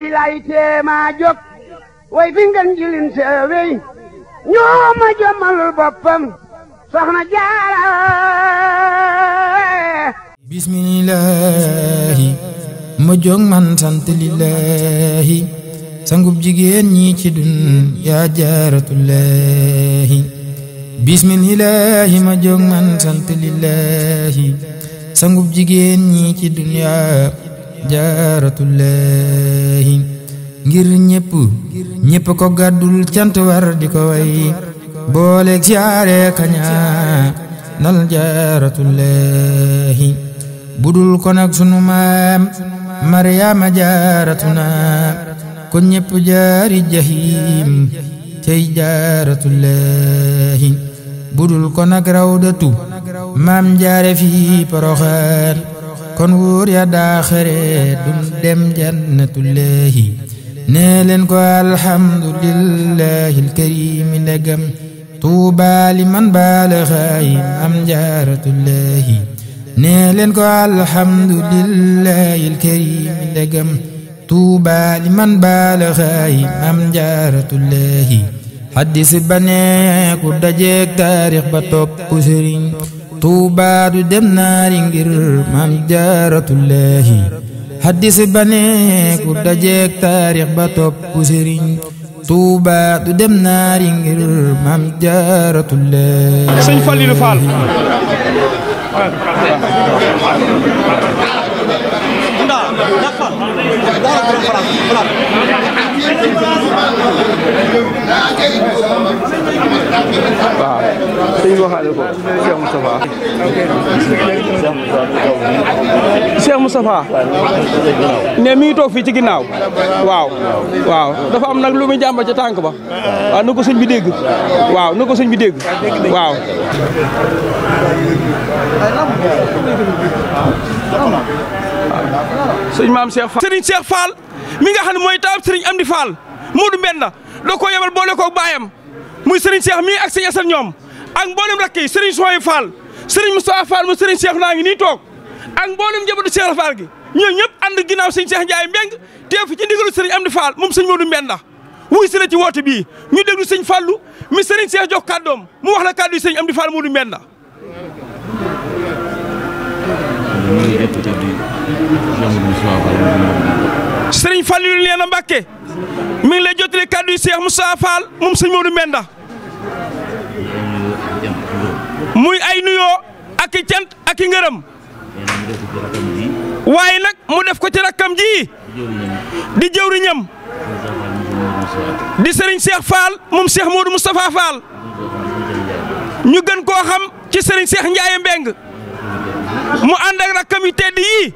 lay teema jóg way fi bismillaahi ma jóg man sant lillaahi sangub jigéen ñi ci dun yaa jaaratullaahi sant lillaahi jigéen ñi ci dun jaaratullaahi ngir ñépp ñépp ko gàddul cant war di ko way booleeg siyaare kaña nal jaaratullaahi budul ko nag sunu maam maryaama jaaratuna ko ñépp jaari jahim tey jaaratullaahi budul ko nag rawdatu maam jaare fi poroxaan kon wuur ya daaxare dun dem jannatullaahi nee leen ko alhamdulillahi alkarimi ndegam tuubaali man baalaxaayim am njaaratullaahi nee leen ko alhamdulillahi alkarimi ndegam tuubaali man baalaxaayim am njaaratullaahi xaddis ba nee ku dajeek taarix ba topp sëriñ tuubaa du dem naari ngir maam jaaratullaahi haddis ba ne ku dajeek taarix ba topp sëriñ tuubaa du dem naari ngir maam jaaratullaahi sëñ Fallilu Fall waaw sëñ bi waxaale ko Cheikh Moustapha Cheikh ne mi ngi toog fii ci ginnaaw waaw waaw dafa nag lu muy jàmba ca tànk ba waaw na ko sëñ bi dégg waaw na ko sëñ bi dégg waaw sëñ maam Cheikh Fall sëriñ Cheikh mi nga xam ne mooy taab sëriñ Amdi Fall Modou Mbenda da ko yebal boole ko baayam muy Serigne Cheikh mii ak Serigne Assane ñoom ak mboolem rakk yi Serigne Soye Fall Serigne Moustapha Fall mu Serigne Cheikh naa ngi nii toog ak mboolem njabootu Cheikh Fall gi ñoo ñëpp ànd ginnaaw Serigne Cheikh Ndiaye Mbeng teew fi ci ndigalu Serigne Amdi Fall moom Serigne Modou Mbenda wuy si ci woote bii ñu déglu Serigne Fallou mi Serigne Cheikh jox kàddoom mu wax la kàddu yi Serigne Amdi Fall Modou Mbenda Serigne Fallou nee na Mbàkke mi ngi lay jottali kàddu yi Cheikh Moussa Fall moom Serigne Modou Mbenda ak i cant ak i ngërëm waaye nag mu def ko ci kam ji di jëwriñam di sëriñ Cheikh Fall moom Cheikh Modou Moustapha Fall ñu gën koo xam ci sëriñ Cheikh Ndiaye Mbeng mu ànd ak rakkam yu tedd yii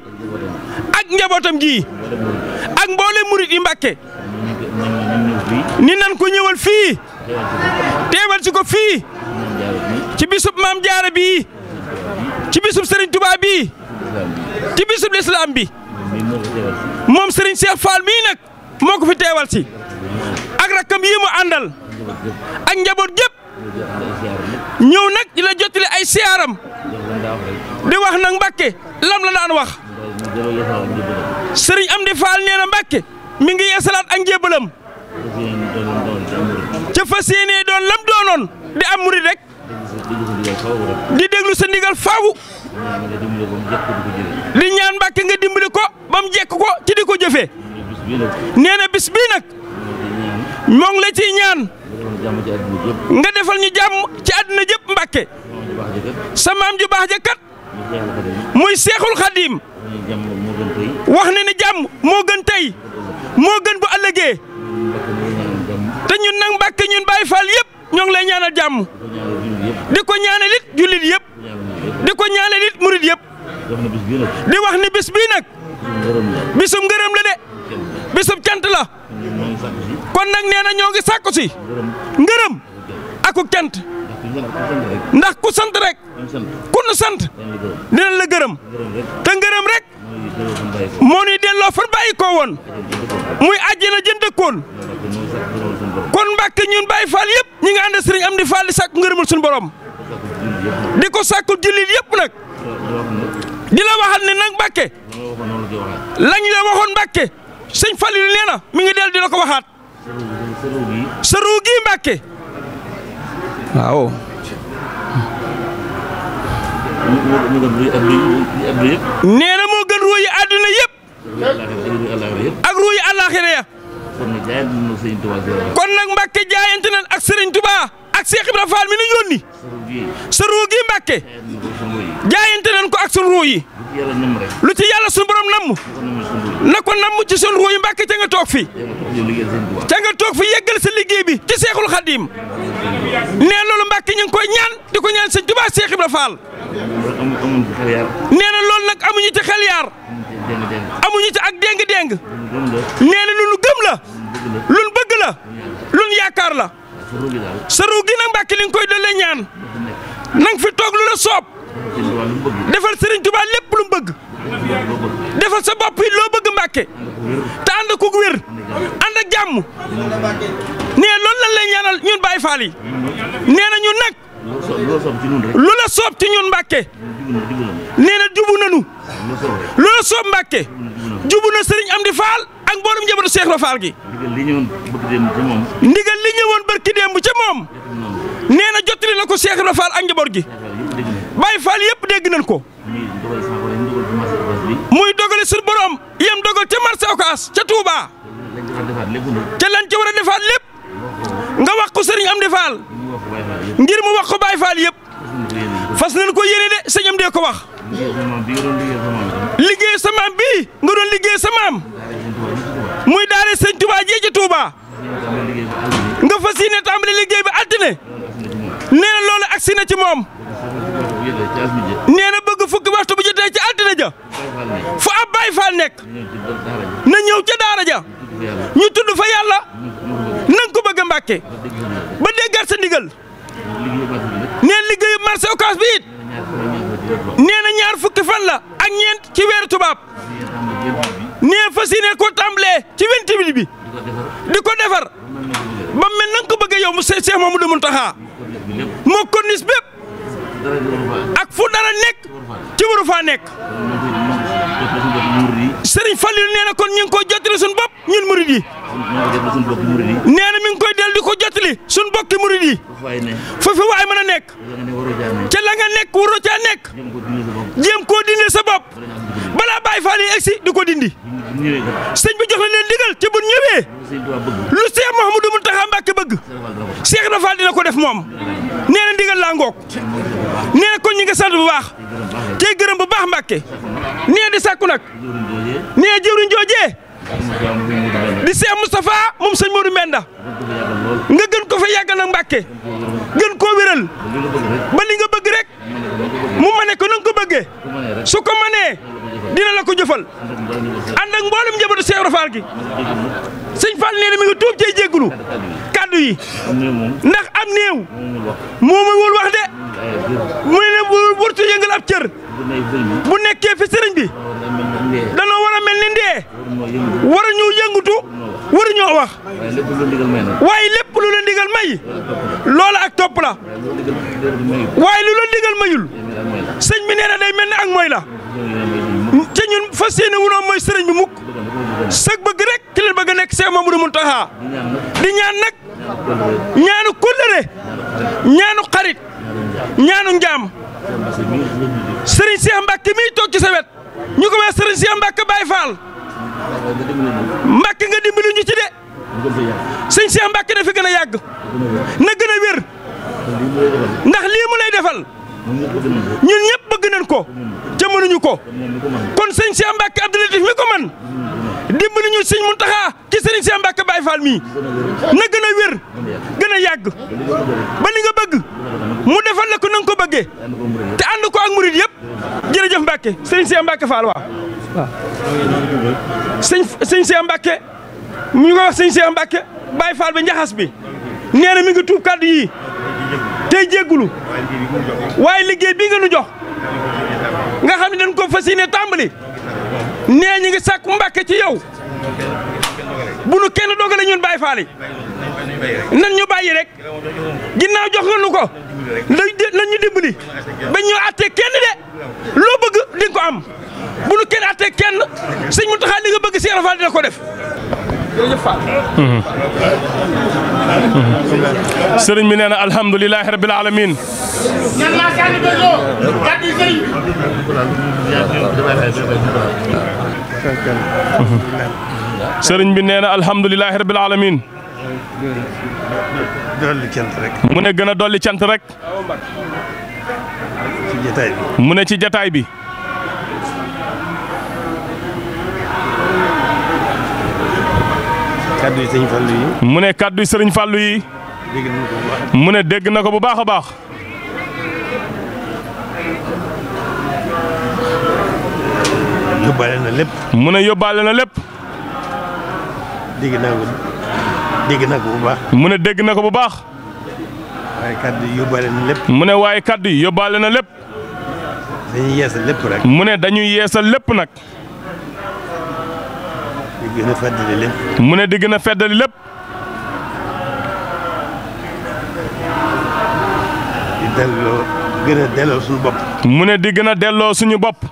ak njabootam ji ak mboolem murit yi Mbàkke ni nan ko ñëwal fii teewal si ko fii ci bisub maam jaara bii ci bisub Serigne Touba bii ci bisub lislaam bi moom Serigne Cheikh Fall mii moo ko fi teewal si ak rakkam yi mu àndal ak njaboot gépp ñëw nag di la jottali ay siyaaram di wax nag Mbàkke lam la daan wax Serigne Amdi Fall nee na Mbàkke mi ngi yeesalaat ak njébbalam ca fas yéenee doon lam doonoon di am murid rek di sa ndigal faawu li ñaan Mbàkke nga dimbali ko ba mu jekk ko ci di ko jëfee nee na bis moo ngi la ciy ñaan nga defal ñu jàmm ci àdduna jëpp Mbàkke sa maam ju baax ja kat muy seexul xadiim wax na jàmm moo gën tey moo gën bu ëllëgee te ñun nag Mbàkke ñun Baay Faal yëpp ñoo ngi lay ñaanal jàmm di ko ñaanal jullit yëpp. di ko ñaanal it murit yëpp di wax ni bis nag bisum ngërëm la de bisum cant la kon nag nee na ñoo ngi sàkku si ngërëm aku cant ndax ku sant rek ku sant dina la gërëm te ngërëm rek moo ni delloo fan bàyyi ko woon muy àjjana jëndëkkoon kon mbàkke ñun bàyyi faal yëpp ñi nga ànd sëriñ am di faal di sàkku ngërëmul suñu borom di ko sàkkul jullit yëpp nag di la ne nag Mbàkke lañ la waxoon Mbàkke sëñ Falilu nee mi ngi del di ko waxaat sa Mbàkke waaw moo gën ruu yi àddina ak ruu yi ya kon nag Mbàkke jaayante nañ ak Sëriñ Tuubaa se Cheikh Ibra Fall mi nu ñu yónni sa ruu gi Mbàkke jaayante ko ak sun ruu yi lu ci yàlla sun borom namm na ko namm ci sun ruu yi Mbàkke nga toog fi ca nga toog fi yeggal sa liggéey bi ci Seexul Xadiim nee loolu Mbàkke ñu ngi koy di ko ñaan sëñ Tuubaa Cheikh Ibra Fall loolu nag amuñu ci xel yaar amuñu ci ak déng-déng nee lu nu gëm la lu bëgg la lu nu la sa ruu gi nag Mbàkke li nga koy doole ñaan nang fi toog lu soob defal Sëriñ Tuubaa lépp lu mu bëgg defal sa bopp loo bëgg Mbàkke te ànd ko wér ànd ak jàmm nee loolu lan lay ñaanal ñun Baay Faal nee na ñun nag lu la soob ci ñun Mbàkke nee na jubu nanu lu la soob Mbàkke jubu na Sëriñ Amdi Faal ak mboolum njabootu Cheikh Ibra Fall gi. ndigal li ñëwoon barki démb ca moom. ndigal li ñëwoon ko Cheikh Ibra Fall ak njaboot gi. Baye Fall yëpp dégg nañ ko. muy dogale suñu borom yem dogal ca marché Ocass ca Touba. ca lan ca war a defaat lépp. nga wax ko Serigne Amdi Fall. ngir mu wax ko Baye Fall yëpp. fas nañ ko yéene de sëñ am dee ko wax. liggéey sa maam bii nga doon liggéey sa jumaay ci Touba nga fas yéene tàmbali liggéey bi altine nee na loolu agsi na ci moom nee na bëgg fukki waxtu bu jotee ci altine ja fu ab Faal nekk na ñëw ca daara ja ñu tudd fa yàlla nang ko bëgg ba déggaat sa ndigal nee liggéeyu marché Ocass bi it nee na ñaar fukki fan la ak ñeent ci weeru tubaab nee fas yéene ko tàmbalee ci vingt bi di ko defar ba mel na nga ko bëggee yow mu Seex Mamadu Muntaxa moo ko ak fu dara nekk ci waru faa nekk sëriñ Fallilu nee na kon ñu ngi koy jottali suñu bopp ñun murid yi nee na mi ngi koy del di ko jottali suñu bokki murid yi foofu waay mën a nekk ca la nga nekk waroo caa nekk jéem koo dindi sa bopp balaa Baay Faal yi egsi di ko dindi sëñ bi jox digal ci bu ñëwee lu Seex Mahamadu Mbàkke bëgg Cheikh Ibra Fall dina ko def moom nee na ndigal laa ngoog nee na kon ñi nga sant bu baax gërëm bu baax Mbàkke nee di sàkku nag nee jëwriñ joojee di Cheikh Moustapha moom sëñ Modou Mbenda nga gën ko fa yàggal nag gën koo wéral ba nga bëgg rek mu mane ko na nga ko bëggee su ko manee dina la ko jëfal ànd ak mboolem njabootu Cheikh Ibra Fall gi sëñ Fall nee na mi ngi tuub cay jéggulu kàddu yi ndax am néew moo wul wax de muy ne wartu yëngal ab cër bu nekkee fi sëriñ bi danoo war a mel ni ndee war a ñu yëngutu war a ñoo wax waaye lépp lu la ndigal may loola ak topp la waaye lu la ndigal mayul sëñ bi nee na day mel ni ak mooy la te ñun fas yéene wunoo mooy sëriñ bi mukk sëg bëgg rek ci leen bëgg nekk Cheikh Mamadou Mountakha di ñaan nag ñaanu kóllëre ñaanu xarit ñaanu njaam sëriñ Cheikh Mbacke mii toog ci sa ñu ko wax sëriñ Cheikh Mbacke Baye Fall Mbacke nga dimbali ñu ci de sëñ Cheikh Mbacke de fi gën a yàgg na gën a wér ndax lii mu defal ñun ñëpp bëgg nañ ko ca mënuñu ko kon sëñ Cheikh Mbacke Abdou Latif ko man dimbali ñu sëñ Muntaxa ci sëriñ Cheikh Mbacke Baye Fall mii na gën a wér gën a yàgg ba nga bëgg mu defal la ko na ko bëggee te ànd ko ak murid yëpp jërëjëf Mbacke sëñ Cheikh Mbacke Fall waaw waaw sëñ sëñ Cheikh ñu ko wax sëñ Cheikh Mbacke Baye njaxas bi nee mi ngi tuub kàddu yii tey jéggulu waaye liggéey bi nga nu nga xam ne dañ ko fas yéene tàmbali nee ñi ngi sàkku Mbacke ci yow bu nu kenn Baye Fall nan ñu bàyyi rek ginnaaw jox nga ko nan ñu dimbali ba ñu atte kenn de loo bëgg di ko am bu nu kenn atte kenn sëñ Mountakha li nga bëgg Cheikh Rafal dina ko def. sëriñ bi nee na alhamdulilahi rabil alamin sëriñ bi nee na alhamdulilahi rabil alamin mu ne gën a dolli cant rek. ci jataay bi. mu ne ci jataay bi. sëriñ Fallou yi. mu ne kaddu sëriñ Fallou yi. mu ne dégg na ko bu baax a baax. yóbbaale na lépp. mu ne yóbbaale na lépp. dégg naa ko dégg ko bu baax. mu ne dégg na ko bu baax. waaye kaddu yi mu ne waaye kaddu yi yóbbaale na lépp. dañuy yeesal lépp rek. mu ne dañuy yeesal lépp nag. gën a feddali lépp. mu ne di gën a feddali lépp. di delloo gën a delloo suñu bopp. mu ne di gën delloo suñu bopp.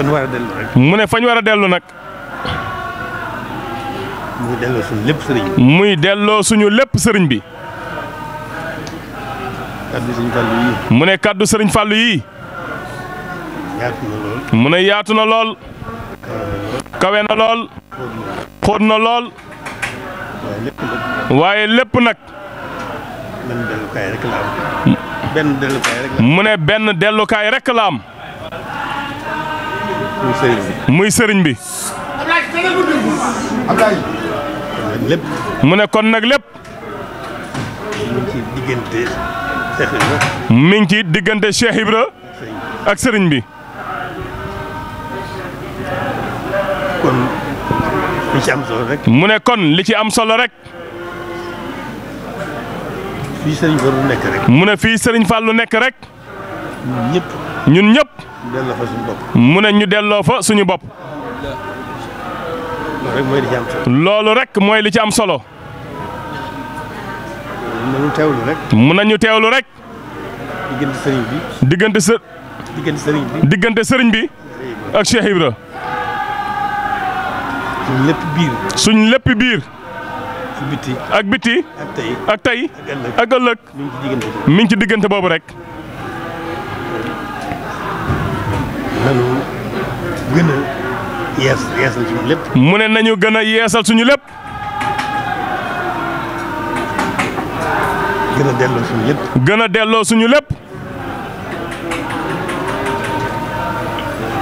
fa mu ne fa ñu war a dellu nag. muy delloo suñu lépp sëriñ bi. muy delloo suñu lépp sëriñ bi. kaddu sëriñ mu ne kaddu sëriñ Fallou yii. yaatu mu ne yaatu na lool. kawe na lool. xóot na lool. waaye lépp nag. mu ne benn dellukaay rek la am. muy sëriñ bi. mu ne kon nag lépp. mi ngi ci diggante Cheikh Ibra ak sëriñ bi. mu ne kon li ci am solo rek. fii mu ne fii sëriñ Fallou nekk rek. ñun ñëpp. mu ne ñu delloo fa suñu bopp. loolu rek mooy li ci am solo. mun nañu teewlu rek. mun nañu rek. diggante sëriñ diggante së. diggante sëriñ bi. diggante sëriñ ak Cheikh Ibra. suñ lépp biir. suñ lépp ak biti. ak biti. ak ëllëg. mi ci diggante boobu rek. lépp. mu ne nañu gën a yeesal suñu lépp. gën delloo suñu lépp. gën a delloo suñu lépp.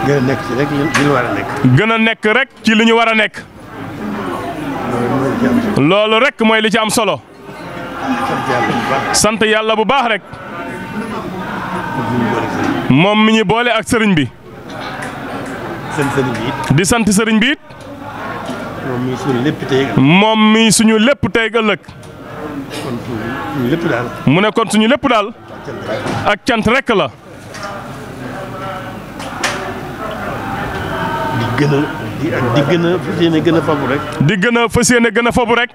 gën a nekk rek gën a nekk rek ci li ñu war a nekk. loolu rek mooy li ci am solo. sant yàlla bu baax rek. moom mi ñu boole ak sëriñ bi. sant di sant sëriñ bi it. moom mii suñu lépp tey ëllëg. moom mii suñu lépp tey ëllëg. kon suñu mu ne kon suñu lépp daal. ak cant rekk la. di gën a di ak fabu rek. di gën a gën a rek.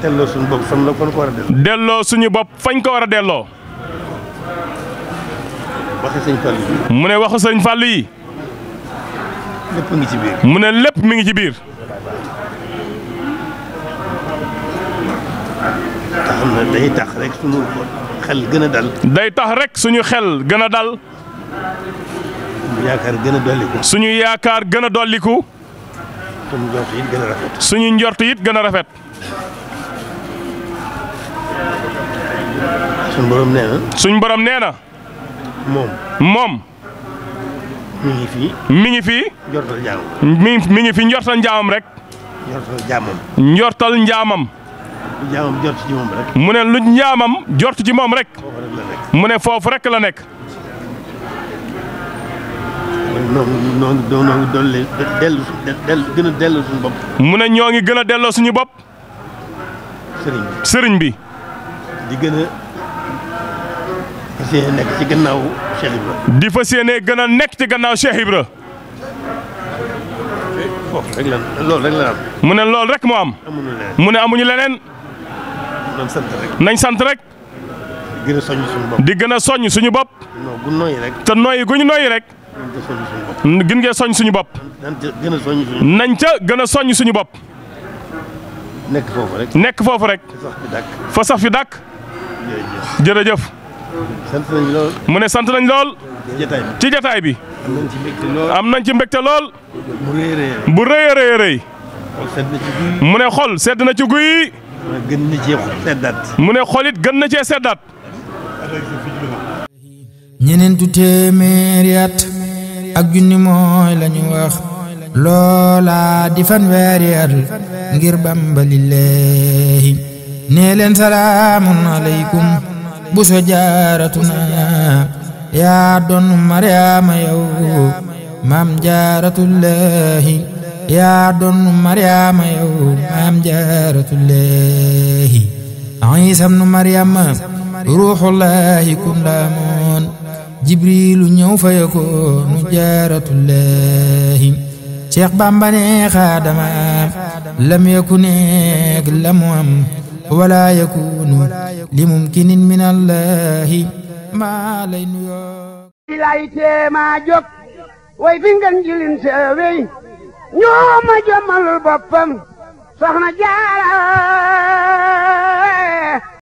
delloo suñu bopp fan la bopp fañ ko war a delloo. mu ne waxu sëñ Fall yi. lépp mi ngi ci biir. mu ne lépp mi ngi ci biir. xam ne day tax rek suñu xel gën a dal. day tax rek suñu xel gën a dal. suñu yaakaar gën a dolliku. suñu yaakaar gën a dolliku. suñu njort yit gën a rafet. suñu njort yit rafet. suñu borom nee na. suñu borom nee na. moom. moom. mi ngi fi. mi ngi mi mi ngi fi njortal rek. njortal njortal njaamam. lu njaamam mu ne njaamam jort ci moom rek. mu ne foofu rek la nekk. noo ngi mu ñoo ngi gën a delloo suñu bopp. sëriñ bi ci gannaaw Cheikh di fa yéene gën nekk ci gannaaw Cheikh Ibra. la loolu rek mu ne lool rek moo am. amuñu mu ne amuñu leneen. nañ sant rek. sant rek. di gën soññ suñu bopp. di gën a soññ suñu bopp. gu rek. te nooyi gu ñu nooyi rek. gën ngeen soññ suñu bopp. nañ ca gën a soññ suñu bopp. nekk foofu rek. nekk foofu rek. fa sax fi dàkk. jërëjëf. sant nañ lool. mu ne sant nañ lool. ci jataay bi. am nañ ci mbégte lool. bu rëy a rëy a rëy. mu ne xol sedd na ci guy. mu ne xol gën na cee seddaat. ñeneentu téeméeri at ak junni mooy lañu wax. loola di fanweeri at ngir Bamba lillaahi nee leen salaamun buso jaaratuna yaa doon mariama yow maam jaaratullahi yaa doon mariama yow maam jaaratullahi isa bnu mariama ruuxullahi kundaamoon jibrilu ñëw faye ko nu jaaratullahi cheikh bamba ne xaadama lam yakun nekk la mu am wala yakunu li mumkinin min allahi maa lay nuyoo lay teema jóg way fi ngeen jilin seewey ñoo ma jommalul boppam soxna jaara